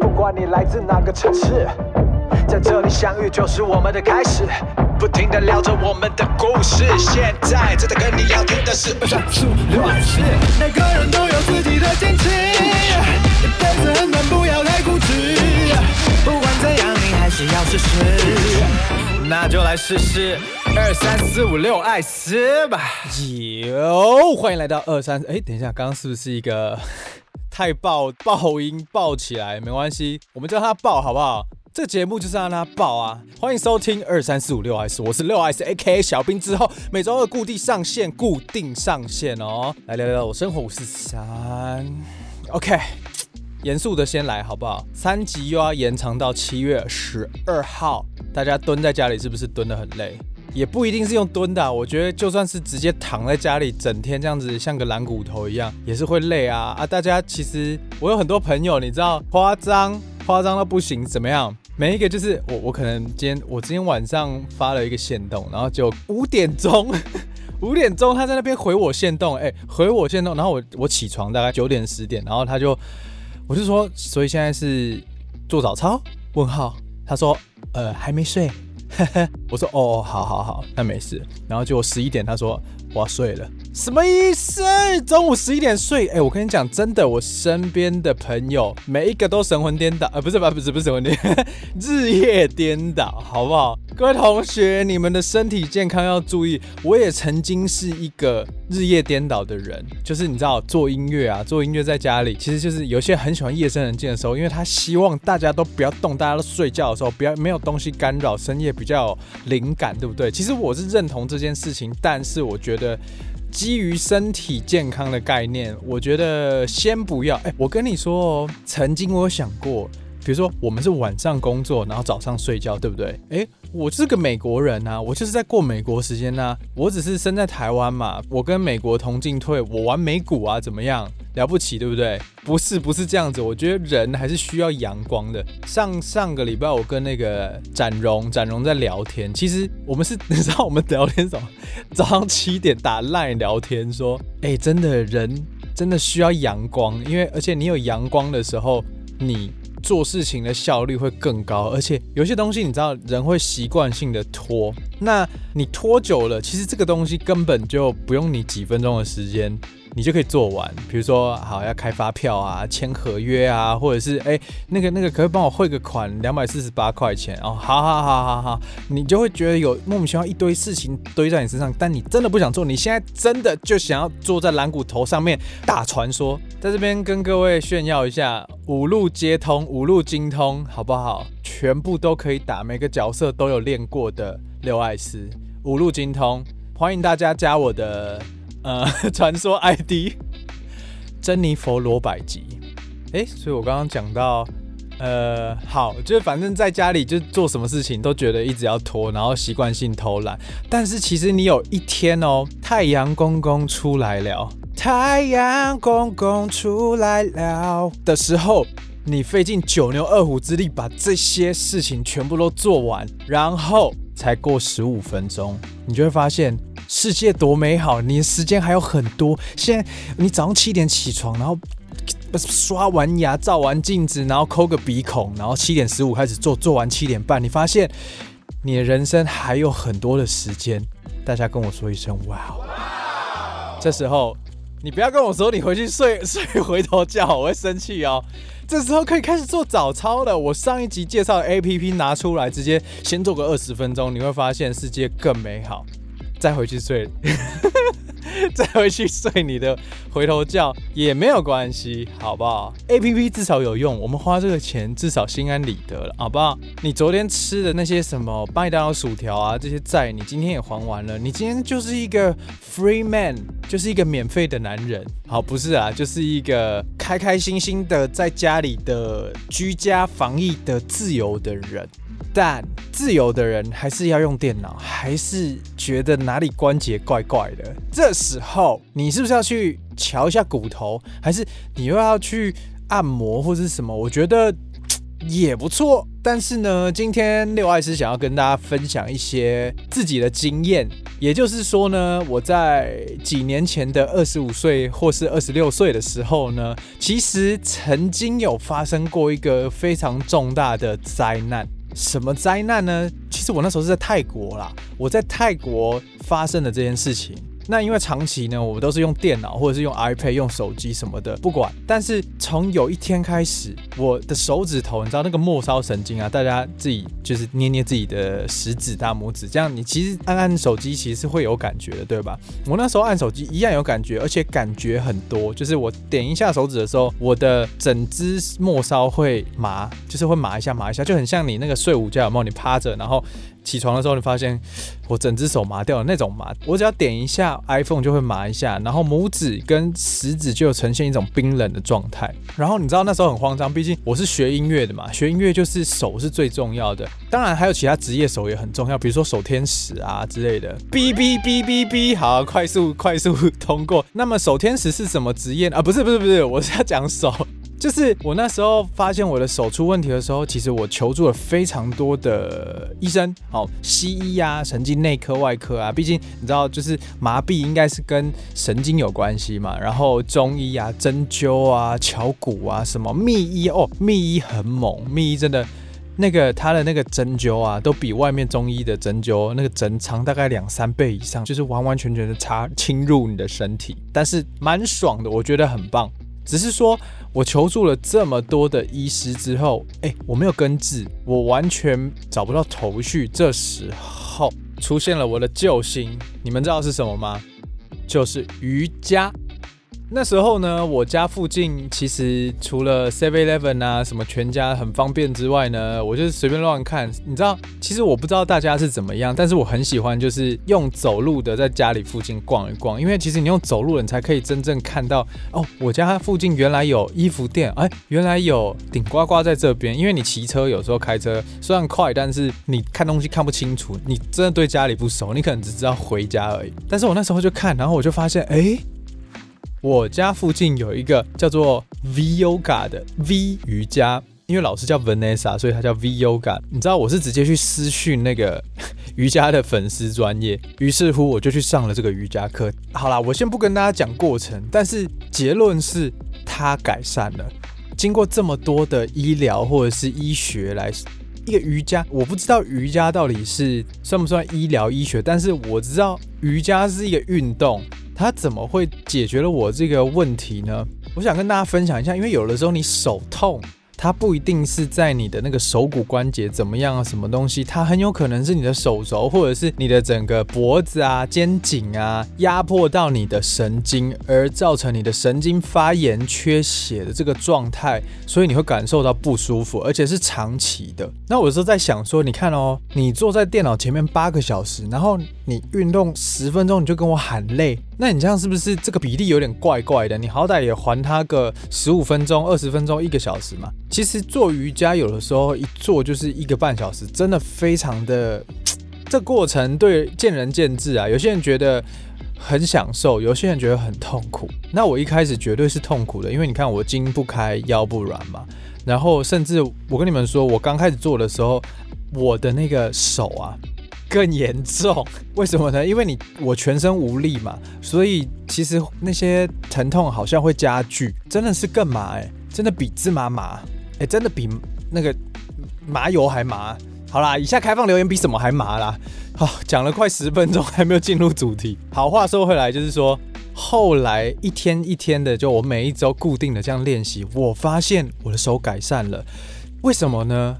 不管你來自哪個城市，在這裡相遇，就是我們的開始。不停地聊着我們的故事，現在正在跟你聊天的是，不是，是每個人都有自己的堅持，但是人們不要太固執。不管怎樣，你還是要支持。那就來試試二三四五六艾司吧！有、yeah, 哦，歡迎來到二三。哎、欸，等一下，剛剛是不是一個太爆爆音爆起來？沒關係，我們叫他爆好不好？這節目就是讓他爆啊！歡迎收聽二三四五六艾司。我是六艾司 aka 小冰。之後每週二固定上線，固定上線哦。來聊聊我生活五四三。OK。嚴肅的先來好不好？三級又要延長到七月十二號，大家蹲在家裡是不是蹲得很累？也不一定是用蹲的、啊，我覺得就算是直接躺在家裡，整天這樣子像個懶骨頭一樣，也是會累啊啊！大家其實我有很多朋友，你知道誇張誇張到不行，怎麼樣？每一個就是我，我可能今天，我今天晚上發了一個限動，然後就五點鐘，五點鐘他在那邊回我限動，哎、欸，回我限動，然後我，我起床大概九點十點，然後他就。我是說，所以現在是做早操，問號？他說，呃，還沒睡。 我說，哦哦，好好好，那沒事。然後就十一點，他說我要睡了，什麼意思？中午十一點睡？哎、欸，我跟你講，真的，我身邊的朋友每一個都神魂顛倒，呃，不是，不是不是不是神魂顛倒，日夜顛倒，好不好？各位同學，你們的身體健康要注意。我也曾經是一個日夜顛倒的人，就是你知道做音樂啊，做音樂在家裡，其實就是有些很喜歡夜深人靜的時候，因為他希望大家都不要動，大家都睡覺的時候，不要沒有東西干擾，深夜比較有靈感，對不對？其實我是認同這件事情，但是我覺得基於身體健康的概念，我覺得先不要。哎、欸，我跟你說哦，曾經我有想過，比如說我們是晚上工作，然後早上睡覺，對不對？哎、欸。我是個美國人吶、啊，我就是在過美國時間吶、啊，我只是身在台灣嘛，我跟美國同進退，我玩美股啊，怎麼樣？了不起，對不對？不是，不是這樣子。我覺得人還是需要陽光的。上上個禮拜，我跟那個展榮，展榮在聊天。其實我們是，你知道我們聊天什麼？早上七點打 LINE 聊天，說，誒，真的，人真的需要陽光，因為而且你有陽光的時候，你。做事情的效率會更高，而且有些東西你知道，人會習慣性的拖，那你拖久了，其實這個東西根本就不用你幾分鐘的時間。你就可以做完，比如說好要開發票啊、簽合約啊，或者是哎、欸、那個那個可不可以幫我匯個款兩百四十八塊錢哦，好好好好好，你就會覺得有莫名其妙一堆事情堆在你身上，但你真的不想做，你現在真的就想要坐在懶骨頭上面打傳說，在這邊跟各位炫耀一下五路皆通，五路精通好不好？全部都可以打，每個角色都有練過的六艾司，五路精通，歡迎大家加我的，呃，傳、嗯、說 ID，珍妮佛羅百吉，哎、欸，所以我剛剛講到，呃，好，就是反正在家裡就做什麼事情都覺得一直要拖，然後習慣性偷懶，但是其實你有一天哦，太陽公公出來了，太陽公公出來了的時候，你費盡九牛二虎之力把這些事情全部都做完，然後。才過十五分鐘，你就會發現世界多美好，你的時間還有很多。現在你早上七點起床，然後不是刷完牙、照完鏡子，然後摳個鼻孔，然後七點十五開始做，做完七點半，你發現你的人生還有很多的時間。大家跟我說一聲“哇、wow ”，Wow 這時候。你不要跟我說你回去睡睡回頭覺，我會生氣哦。這時候可以開始做早操了。我上一集介紹的 APP 拿出來，直接先做個二十分鐘，你會發現世界更美好。再回去睡， 再回去睡你的回頭覺也沒有關係，好不好？APP 至少有用，我們花這個錢至少心安理得了，好不好？你昨天吃的那些什麼麥當勞薯條啊，這些債你今天也還完了，你今天就是一個 free man，就是一個免費的男人。好，不是啊，就是一個開開心心的在家裡的居家防疫的自由的人。但自由的人還是要用電腦，還是覺得哪裡關節怪怪的？這時候你是不是要去瞧一下骨頭，還是你又要去按摩或是什麼？我覺得也不錯。但是呢，今天六艾司想要跟大家分享一些自己的經驗，也就是說呢，我在幾年前的二十五歲或是二十六歲的時候呢，其實曾經有發生過一個非常重大的災難。什麼災難呢？其實我那時候是在泰國啦，我在泰國發生的這件事情。那因為長期呢，我都是用電腦或者是用 iPad、用手機什麼的，不管。但是從有一天開始，我的手指頭，你知道那個末梢神經啊，大家自己就是捏捏自己的食指、大拇指，這樣你其實按按手機，其實是會有感覺的，對吧？我那時候按手機一樣有感覺，而且感覺很多，就是我點一下手指的時候，我的整隻末梢會麻，就是會麻一下、麻一下，就很像你那個睡午覺，有沒有？你趴着，然後。起床的時候，你發現我整隻手麻掉了，那種麻，我只要點一下 iPhone 就會麻一下，然後拇指跟食指就呈現一種冰冷的狀態。然後你知道那時候很慌張，畢竟我是學音樂的嘛，學音樂就是手是最重要的。當然還有其他職業，手也很重要，比如說手天使啊之類的。嗶嗶嗶嗶嗶，好、啊，快速快速通過。那麼手天使是什麼職業啊，啊？不是不是不是，我是要講手。就是我那時候發現我的手出問題的時候，其實我求助了非常多的醫生，好、哦，西醫啊，神經內科、外科啊，畢竟你知道，就是麻痹應該是跟神經有關係嘛。然後中醫啊，針灸啊，喬骨啊，什麼密醫哦，密醫很猛，密醫真的那個他的那個針灸啊，都比外面中醫的針灸那個針長大概兩三倍以上，就是完完全全的插侵入你的身體，但是蠻爽的，我覺得很棒。只是說，我求助了這麼多的醫師之後，誒，我沒有根治，我完全找不到頭緒。這時候出現了我的救星，你們知道是什麼嗎？就是瑜伽。那時候呢，我家附近其實除了 Seven Eleven 啊，什麼全家很方便之外呢，我就隨便亂看。你知道，其實我不知道大家是怎麼樣，但是我很喜歡，就是用走路的，在家裡附近逛一逛。因為其實你用走路，你才可以真正看到哦，我家附近原來有衣服店，哎、欸，原來有頂呱呱在這邊。因為你騎車，有時候開車雖然快，但是你看東西看不清楚，你真的對家裡不熟，你可能只知道回家而已。但是我那時候就看，然後我就發現，哎、欸。我家附近有一個叫做 V Yoga 的 V 瑜伽，因為老師叫 Vanessa，所以它叫 V Yoga。你知道我是直接去私訊那個瑜伽的粉絲專頁，於是乎我就去上了這個瑜伽課。好啦，我先不跟大家講過程，但是結論是它改善了。經過這麼多的醫療或者是醫學來一個瑜伽，我不知道瑜伽到底是算不算醫療醫學，但是我知道瑜伽是一個運動。他怎麼會解決了我這個問題呢？我想跟大家分享一下，因為有的時候你手痛。它不一定是在你的那個手骨關節怎麼樣啊，什麼東西，它很有可能是你的手肘，或者是你的整個脖子啊、肩頸啊，壓迫到你的神經，而造成你的神經發炎、缺血的這個狀態，所以你會感受到不舒服，而且是長期的。那我有時候在想說，你看哦，你坐在電腦前面八個小時，然後你運動十分鐘你就跟我喊累，那你這樣是不是這個比例有點怪怪的？你好歹也還他個十五分鐘、二十分鐘、一個小時嘛。其實做瑜伽有的時候一做就是一個半小時，真的非常的。這過程對見仁見智啊，有些人覺得很享受，有些人覺得很痛苦。那我一開始絕對是痛苦的，因為你看我筋不開，腰不軟嘛。然後甚至我跟你們說，我剛開始做的時候，我的那個手啊更嚴重。為什麼呢？因為你我全身無力嘛，所以其實那些疼痛好像會加劇，真的是更麻哎、欸，真的比芝麻麻。哎，真的比那個麻油還麻。好啦，以下開放留言比什麼還麻啦！好、哦，講了快十分鐘還沒有進入主題。好，話說回來，就是說後來一天一天的，就我每一週固定的這樣練習，我發現我的手改善了。為什麼呢？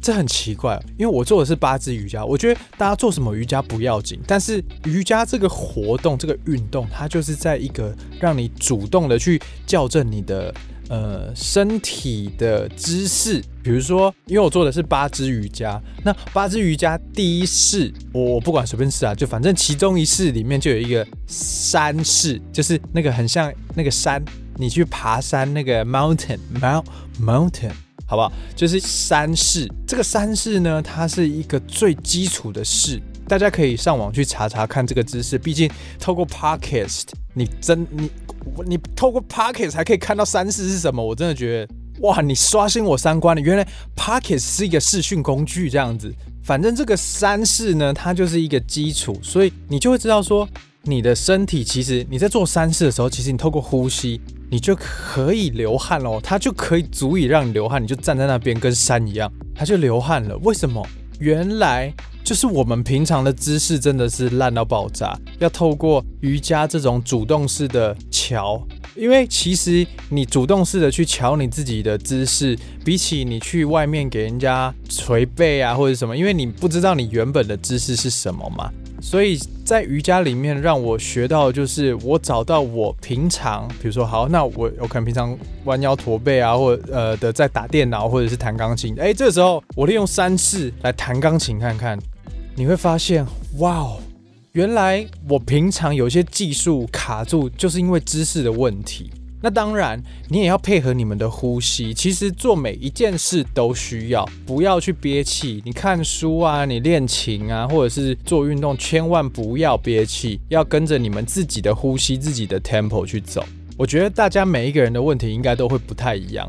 這很奇怪，因為我做的是八支瑜伽。我覺得大家做什麼瑜伽不要緊，但是瑜伽這個活動、這個運動，它就是在一個讓你主動的去校正你的。呃，身體的姿勢，比如說，因為我做的是八支瑜伽，那八支瑜伽第一式，我，我不管隨便式啊，就反正其中一式裡面就有一個山式，就是那個很像那個山，你去爬山那個 mountain mount mountain 好不好？就是山式，這個山式呢，它是一個最基礎的式，大家可以上網去查查看這個姿勢，畢竟透過 podcast，你真你。我，你透過 Pockets 還可以看到山式是什麼，我真的覺得哇，你刷新我三觀了。原來 Pockets 是一個視訊工具這樣子。反正這個山式呢，它就是一個基礎，所以你就會知道說，你的身體其實你在做山式的時候，其實你透過呼吸，你就可以流汗哦，它就可以足以讓你流汗。你就站在那邊跟山一樣，它就流汗了。為什麼？原來。就是我們平常的姿勢真的是爛到爆炸，要透過瑜伽這種主動式的喬，因為其實你主動式的去喬你自己的姿勢，比起你去外面給人家捶背啊或者什麼，因為你不知道你原本的姿勢是什麼嘛，所以在瑜伽裡面讓我學到就是我找到我平常，比如說好，那我我可能平常彎腰駝背啊，或者呃的在打電腦或者是彈鋼琴，哎，這個時候，我利用三式來彈鋼琴看看。你會發現，哇哦，原來我平常有些技術卡住，就是因為姿勢的問題。那當然，你也要配合你們的呼吸。其實做每一件事都需要，不要去憋氣。你看書啊，你練琴啊，或者是做運動，千萬不要憋氣，要跟着你們自己的呼吸、自己的 tempo 去走。我覺得大家每一個人的問題應該都會不太一樣。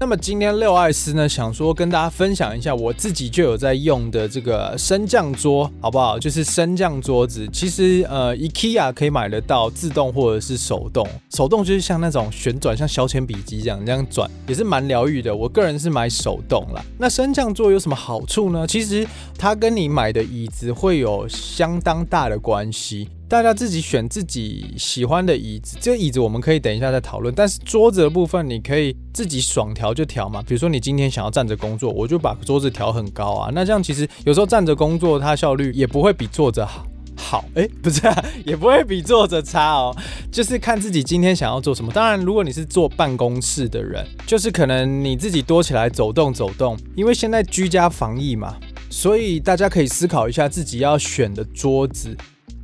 那麼今天六艾司呢，想說跟大家分享一下，我自己就有在用的這個升降桌，好不好？就是升降桌子，其實呃，IKEA 可以買得到，自動或者是手動，手動就是像那種旋轉，像削鉛筆機這樣這樣轉，也是蠻療癒的。我個人是買手動啦。那升降桌有什麼好處呢？其實它跟你買的椅子會有相當大的關係。大家自己選自己喜歡的椅子，這個椅子我們可以等一下再討論。但是桌子的部分，你可以自己爽調就調嘛。比如說你今天想要站着工作，我就把桌子調很高啊。那這樣其實有時候站着工作，它效率也不會比坐着好，好，誒，不是啊，也不會比坐着差哦。就是看自己今天想要做什麼。當然，如果你是坐辦公室的人，就是可能你自己多起來走動走動，因為現在居家防疫嘛，所以大家可以思考一下自己要選的桌子。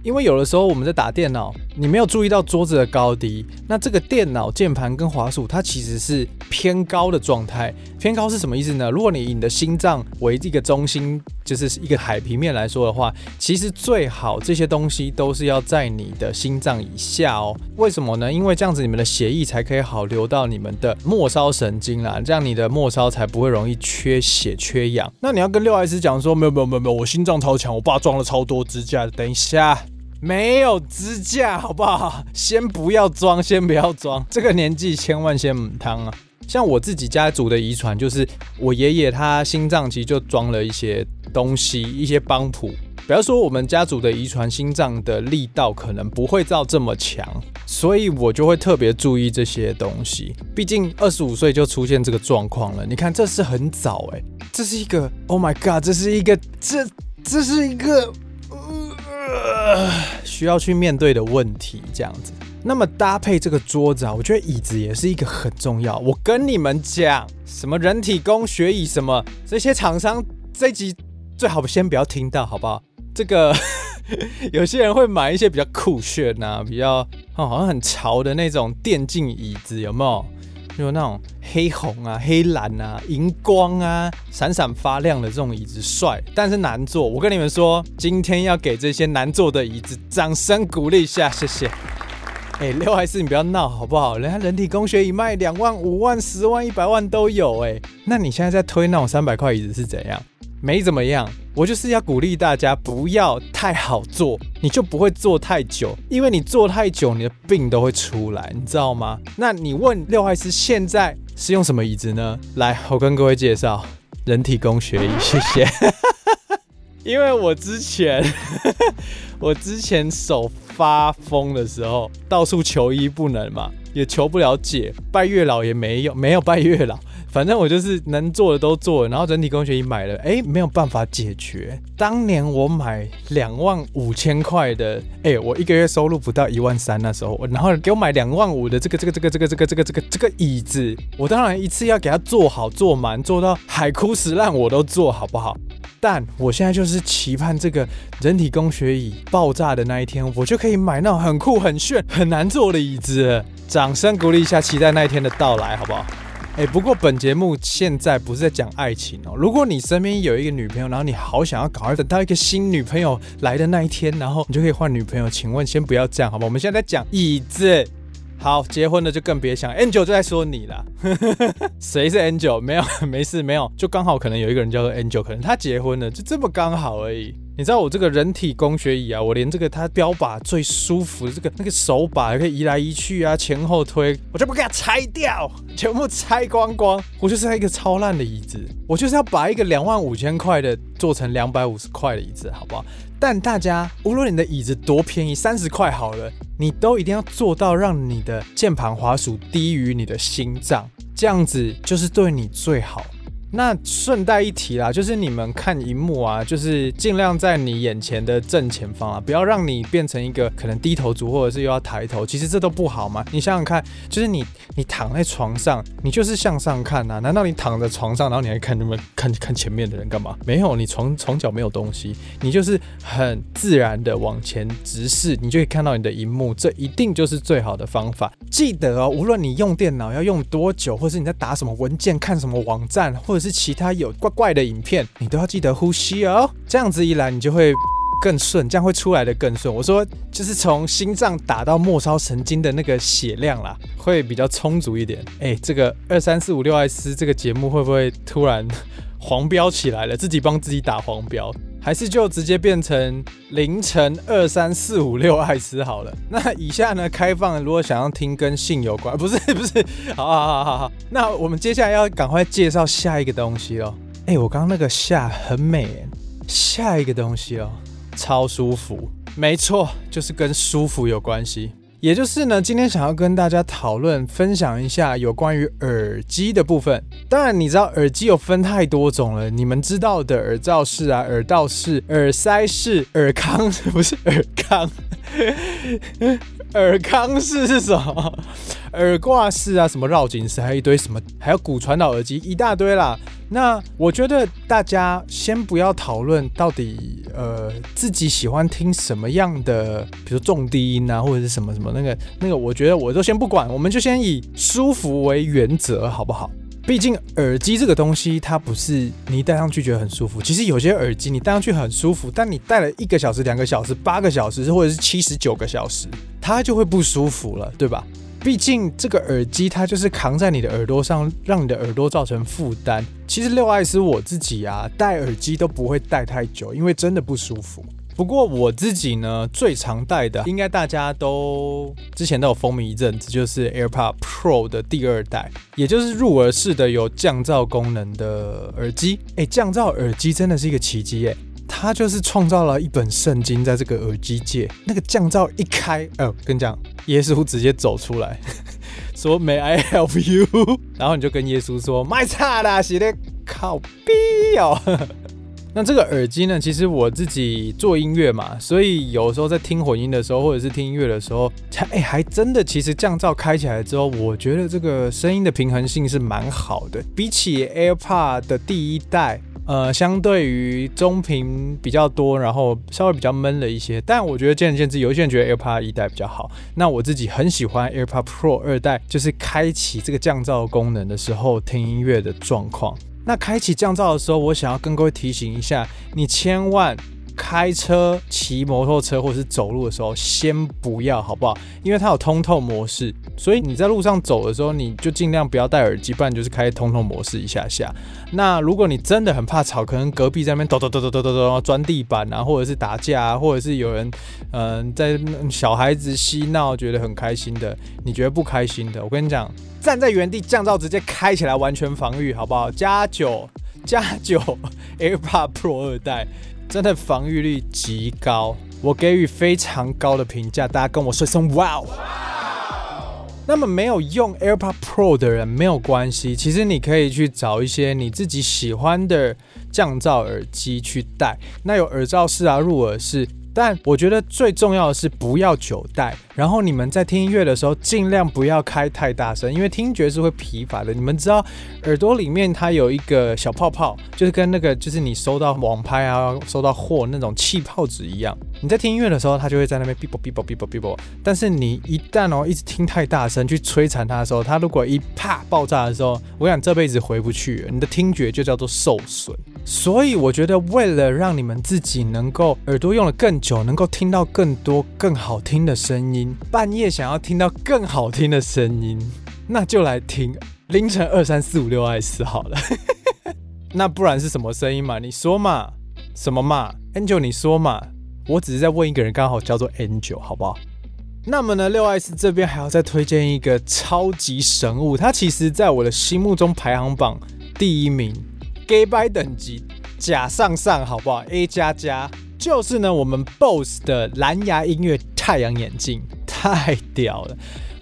因為有的時候我們在打電腦，你沒有注意到桌子的高低，那這個電腦鍵盤跟滑鼠它其實是偏高的狀態。偏高是什麼意思呢？如果你以你的心臟為一個中心，就是一個海平面來說的話，其實最好這些東西都是要在你的心臟以下哦。為什麼呢？因為這樣子你們的血液才可以好流到你們的末梢神經啦，這樣你的末梢才不會容易缺血缺氧。那你要跟六艾司講說，沒有沒有沒有沒有，我心臟超強，我爸裝了超多支架，等一下。沒有支架，好不好？先不要裝，先不要裝。這個年紀千萬先母湯啊！像我自己家族的遺傳，就是我爺爺他心臟其實就裝了一些東西，一些幫浦。不要說我們家族的遺傳，心臟的力道可能不會造這麼強，所以我就會特別注意這些東西。畢竟二十五歲就出現這個狀況了，你看這是很早哎、欸，這是一個，Oh my God，這是一個，這這是一個。呃、需要去面對的問題，這樣子。那麼搭配這個桌子啊，我覺得椅子也是一個很重要。我跟你們講，什麼人體工學椅什麼，這些廠商這集最好先不要聽到，好不好？這個 有些人會買一些比較酷炫吶、啊，比較、哦、好像很潮的那種電競椅子，有沒有？有那種黑紅啊、黑藍啊、熒光啊、閃閃發亮的這種椅子，帥，但是難坐。我跟你們說，今天要給這些難坐的椅子掌聲鼓勵一下，謝謝。哎、 欸，六艾司你不要鬧好不好？人家人體工學椅賣兩萬、五萬、十萬、一百萬都有哎、欸，那你現在在推那種三百塊椅子是怎樣？沒怎麼樣，我就是要鼓勵大家不要太好坐，你就不會坐太久，因為你坐太久，你的病都會出來，你知道嗎？那你問六艾司現在是用什麼椅子呢？來，我跟各位介紹人體工學椅，謝謝。 因為我之前， 我之前手發瘋的時候，到處求醫不能嘛，也求不了解，拜月老也沒有，沒有拜月老。反正我就是能做的都做了，然後人體工學椅買了，誒，沒有辦法解決。當年我買兩萬五千塊的，誒，我一個月收入不到一萬三那時候，然後給我買兩萬五的這個這個這個這個這個這個這個這個椅子，我當然一次要給他坐好坐滿，坐到海枯石爛我都坐，好不好？但我現在就是期盼這個人體工學椅爆炸的那一天，我就可以買那種很酷很炫很難坐的椅子了。掌聲鼓勵一下，期待那一天的到來，好不好？哎，欸、不過本節目現在不是在講愛情哦、喔。如果你身邊有一個女朋友，然後你好想要趕快，等到一個新女朋友來的那一天，然後你就可以換女朋友。請問先不要這樣，好嗎？我們現在在講椅子。好，結婚了就更別想。Angel 就在說你了，誰是 Angel？沒有，沒事，沒有，就剛好可能有一個人叫做 Angel，可能他結婚了，就這麼剛好而已。你知道我這個人體工學椅啊，我連這個它標靶最舒服的這個那個手把也可以移來移去啊，前後推，我全部給它拆掉，全部拆光光，我就是它一個超爛的椅子。我就是要把一個兩萬五千塊的做成兩百五十塊的椅子，好不好？但大家無論你的椅子多便宜，三十塊好了，你都一定要做到讓你的鍵盤滑鼠，低於你的心臟，這樣子就是對你最好。那順帶一提啦，就是你們看熒幕啊，就是盡量在你眼前的正前方啊，不要讓你變成一個可能低頭族，或者是又要抬頭，其實這都不好嘛。你想想看，就是你你躺在床上，你就是向上看啊，難道你躺在床上，然後你還看你們看看前面的人幹嘛？沒有，你床床腳沒有東西，你就是很自然的往前直視，你就可以看到你的熒幕。這一定就是最好的方法。記得哦，無論你用電腦要用多久，或者是你在打什麼文件、看什麼網站，或者。是其他有怪怪的影片，你都要記得呼吸哦。這樣子一來，你就會更順，這樣會出來得更順。我說，就是從心臟打到末梢神經的那個血量啦，會比較充足一點。哎、欸，這個二三四五六艾司這個節目會不會突然黃標起來了？自己幫自己打黃標。還是就直接變成凌晨二三四五六艾司好了。那以下呢，開放如果想要聽跟性有關，不是不是，好好好好好。那我們接下來要趕快介紹下一個東西哦。哎，我剛剛那個下很美，下一個東西哦，超舒服。沒錯，就是跟舒服有關係。也就是呢，今天想要跟大家討論、分享一下有關於耳機的部分。當然，你知道耳機有分太多種了。你們知道的，耳罩式啊、耳道式、耳塞式、耳康，是不是耳康？ 耳康式是什麼？耳掛式啊，什麼繞頸式，還有一堆什麼，還有骨傳導耳機，一大堆啦。那我覺得大家先不要討論到底，呃，自己喜歡聽什麼樣的，比如說重低音啊，或者是什麼什麼那個那個，那個、我覺得我都先不管，我們就先以舒服為原則，好不好？畢竟耳機這個東西，它不是你戴上去覺得很舒服，其實有些耳機你戴上去很舒服，但你戴了一個小時、兩個小時、八個小時，或者是七十九個小時。它就會不舒服了，對吧？畢竟這個耳機它就是扛在你的耳朵上，讓你的耳朵造成負擔。其實六艾司我自己啊，戴耳機都不會戴太久，因為真的不舒服。不過我自己呢，最常戴的應該大家都之前都有風靡一陣子，就是 AirPods Pro 的第二代，也就是入耳式的有降噪功能的耳機。哎、欸，降噪耳機真的是一個奇蹟欸。他就是創造了一本聖經，在這個耳機界，那個降噪一開，哎、呃，跟你講，耶穌直接走出來，呵呵說 May I help you？ 然後你就跟耶穌說，賣叉啦，是的，靠逼哦。那這個耳機呢，其實我自己做音樂嘛，所以有時候在聽混音的時候，或者是聽音樂的時候，還、欸、哎，還真的，其實降噪開起來之後，我覺得這個聲音的平衡性是蠻好的，比起 AirPods 的第一代。呃，相對於中頻比較多，然後稍微比較悶了一些，但我覺得見仁見智，有些人覺得 AirPods 一代比較好。那我自己很喜歡 AirPods Pro 二代，就是開啟這個降噪功能的時候聽音樂的狀況。那開啟降噪的時候，我想要跟各位提醒一下，你千萬開車、騎摩托車或者是走路的時候先不要，好不好？因為它有通透模式。所以你在路上走的時候，你就盡量不要戴耳機，不然就是開通透模式一下下。那如果你真的很怕吵，可能隔壁在那邊抖抖抖咚咚咚鑽地板啊，或者是打架，啊，或者是有人嗯、呃、在小孩子嬉鬧，覺得很開心的，你覺得不開心的，我跟你講，站在原地降噪，直接開起來，完全防禦，好不好？加九加九 AirPod Pro 二代，真的防禦力極高，我給予非常高的評價，大家跟我說一聲哇哦！那麼沒有用 AirPods Pro 的人沒有關係，其實你可以去找一些你自己喜歡的降噪耳機去戴，那有耳罩式啊，入耳式。但我覺得最重要的是不要久戴，然後你們在聽音樂的時候盡量不要開太大聲，因為聽覺是會疲乏的。你們知道耳朵裡面它有一個小泡泡，就是跟那個就是你收到網拍啊、收到貨那種氣泡紙一樣。你在聽音樂的時候，它就會在那邊嗶啵嗶啵嗶啵嗶啵。但是你一旦哦，一直聽太大聲去摧殘它的時候，它如果一啪爆炸的時候，我想這輩子回不去，你的聽覺就叫做受損。所以我覺得為了讓你們自己能夠耳朵用的更。九能夠聽到更多更好聽的聲音，半夜想要聽到更好聽的聲音，那就來聽凌晨二三四五六艾司好了。 那不然是什麼聲音嘛？你說嘛，什麼嘛？Angel，你說嘛？我只是在問一個人，剛好叫做 Angel，好不好？那麼呢，六艾司這邊還要再推薦一個超級神物，他其實在我的心目中排行榜第一名，Gayby 等級甲上上，好不好？A 加加。就是呢，我們 Bose 的藍牙音樂太陽眼鏡太屌了。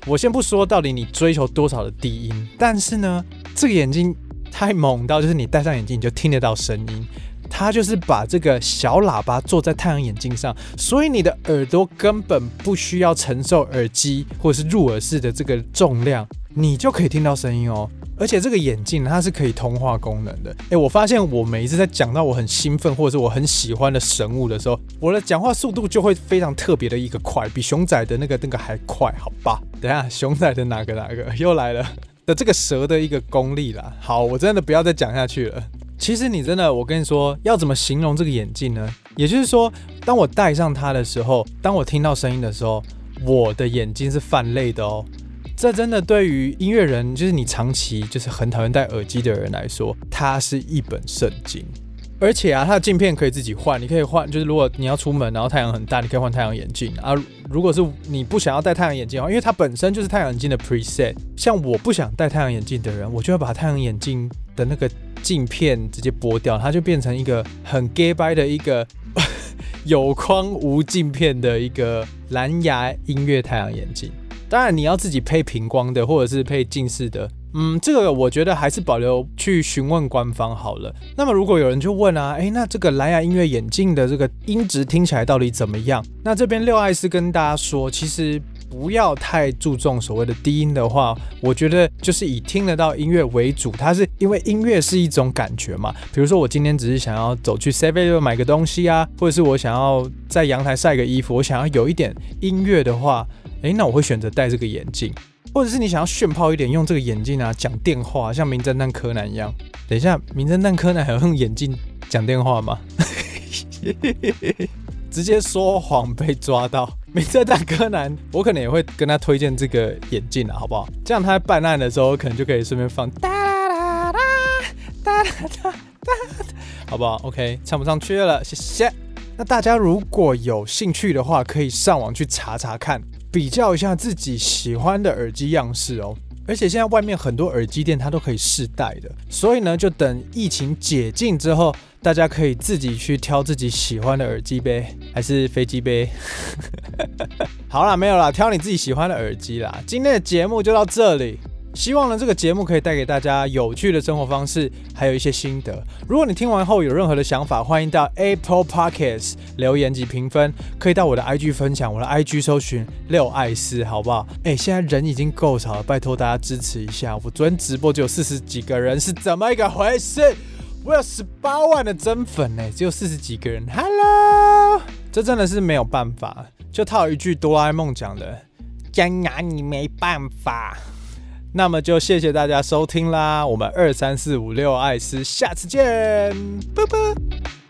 我先不說到底你追求多少的低音，但是呢，這個眼鏡太猛到，就是你戴上眼鏡你就聽得到聲音。它就是把這個小喇叭做在太陽眼鏡上，所以你的耳朵根本不需要承受耳機或者是入耳式的這個重量，你就可以聽到聲音哦。而且這個眼鏡它是可以通話功能的，誒、欸，我發現我每一次在講到我很興奮或者是我很喜歡的神物的時候，我的講話速度就會非常特別的一個快，比熊仔的那個那個還快，好吧？等一下熊仔的哪個哪個又來了？ 的這個蛇的一個功力啦，好，我真的不要再講下去了。其實你真的，我跟你說，要怎麼形容這個眼鏡呢？也就是說，當我戴上它的時候，當我聽到聲音的時候，我的眼睛是泛淚的哦。這真的對於音樂人，就是你長期就是很討厭戴耳機的人來說，它是一本聖經。而且啊，它的鏡片可以自己換，你可以換，就是如果你要出門，然後太陽很大，你可以換太陽眼鏡啊。如果是你不想要戴太陽眼鏡的話，因為它本身就是太陽眼鏡的 preset。像我不想戴太陽眼鏡的人，我就要把太陽眼鏡的那個鏡片直接剝掉，它就變成一個很假掰的一個 有框無鏡片的一個藍牙音樂太陽眼鏡。當然，你要自己配平光的，或者是配近視的。嗯，這個我覺得還是保留去詢問官方好了。那麼，如果有人就問啊，哎、欸，那這個藍牙音樂眼鏡的這個音質聽起來到底怎麼樣？那這邊六艾司跟大家說，其實不要太注重所謂的低音的話，我覺得就是以聽得到音樂為主。它是因為音樂是一種感覺嘛。比如說，我今天只是想要走去 Seven 買個東西啊，或者是我想要在陽台曬個衣服，我想要有一點音樂的話。哎，那我會選擇戴這個眼鏡，或者是你想要炫泡一點，用這個眼鏡啊講電話，像名偵探柯南一樣。等一下，名偵探柯南還會用眼鏡講電話嗎？ 直接說謊被抓到。名偵探柯南，我可能也會跟他推薦這個眼鏡啊，好不好？這樣他在辦案的時候，我可能就可以順便放噠噠噠噠噠噠，啦啦好不好？OK，唱不上去了，謝謝。那大家如果有興趣的話，可以上網去查查看。比較一下自己喜歡的耳機樣式哦，而且現在外面很多耳機店它都可以試戴的，所以呢，就等疫情解禁之後，大家可以自己去挑自己喜歡的耳機杯，還是飛機杯。 好啦，沒有啦，挑你自己喜歡的耳機啦。今天的節目就到這裡。希望呢，這個節目可以帶給大家有趣的生活方式，還有一些心得。如果你聽完後有任何的想法，歡迎到 Apple Podcast 留言及評分，可以到我的 IG 分享，我的 IG 搜尋六艾司，好不好？哎、欸，現在人已經夠少了，拜托大家支持一下，我昨天直播只有四十幾個人，是怎麼一個回事？我有十八萬的真粉呢、欸，只有四十幾個人。Hello，這真的是沒有辦法，就套一句哆啦 A 夢講的，真拿、啊、你沒辦法。那麼就謝謝大家收聽啦！我們二三四五六艾司，下次見，拜拜。